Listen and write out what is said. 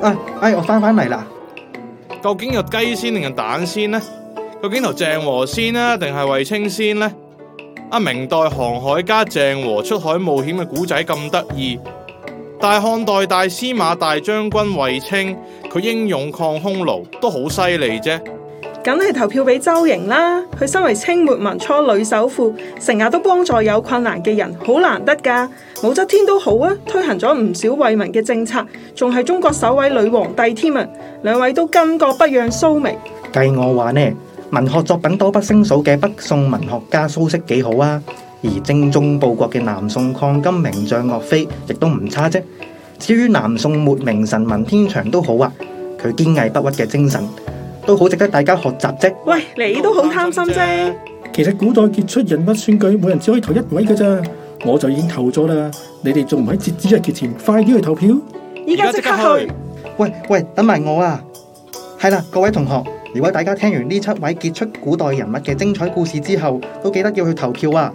哎、啊，哎，我翻返嚟啦！究竟有雞先定係蛋先呢？究竟係鄭和先啦，定係衛青先呢？啊，明代航海家鄭和出海冒險嘅古仔咁得意，大漢代大司馬大將軍衛青，佢英勇抗匈奴都好犀利啫。梗係投票俾周瑩啦，佢身為清末民初女首富，成日都幫助有困難嘅人，好難得㗎。武則天都好啊，推行咗唔少惠民嘅政策，仲係中國首位女皇帝添啊。兩位都巾幗不讓鬚眉。計我話呢，文學作品多不勝數嘅北宋文學家蘇軾幾好啊，而精忠報國嘅南宋抗金名將岳飛亦都唔差啫、啊。至於南宋末名臣文天祥都好啊，佢堅毅不屈嘅精神都好值得大家學習啫。喂，你都好貪心啫。其實古代傑出人物選舉，每人只可以投一位噶咋，我就已經投咗啦。你哋仲唔喺截止日之前快啲去投票？而家即刻去。喂喂，等埋我啊。係啦，各位同學，如果大家聽完呢七位傑出古代人物嘅精彩故事之後，都記得要去投票啊。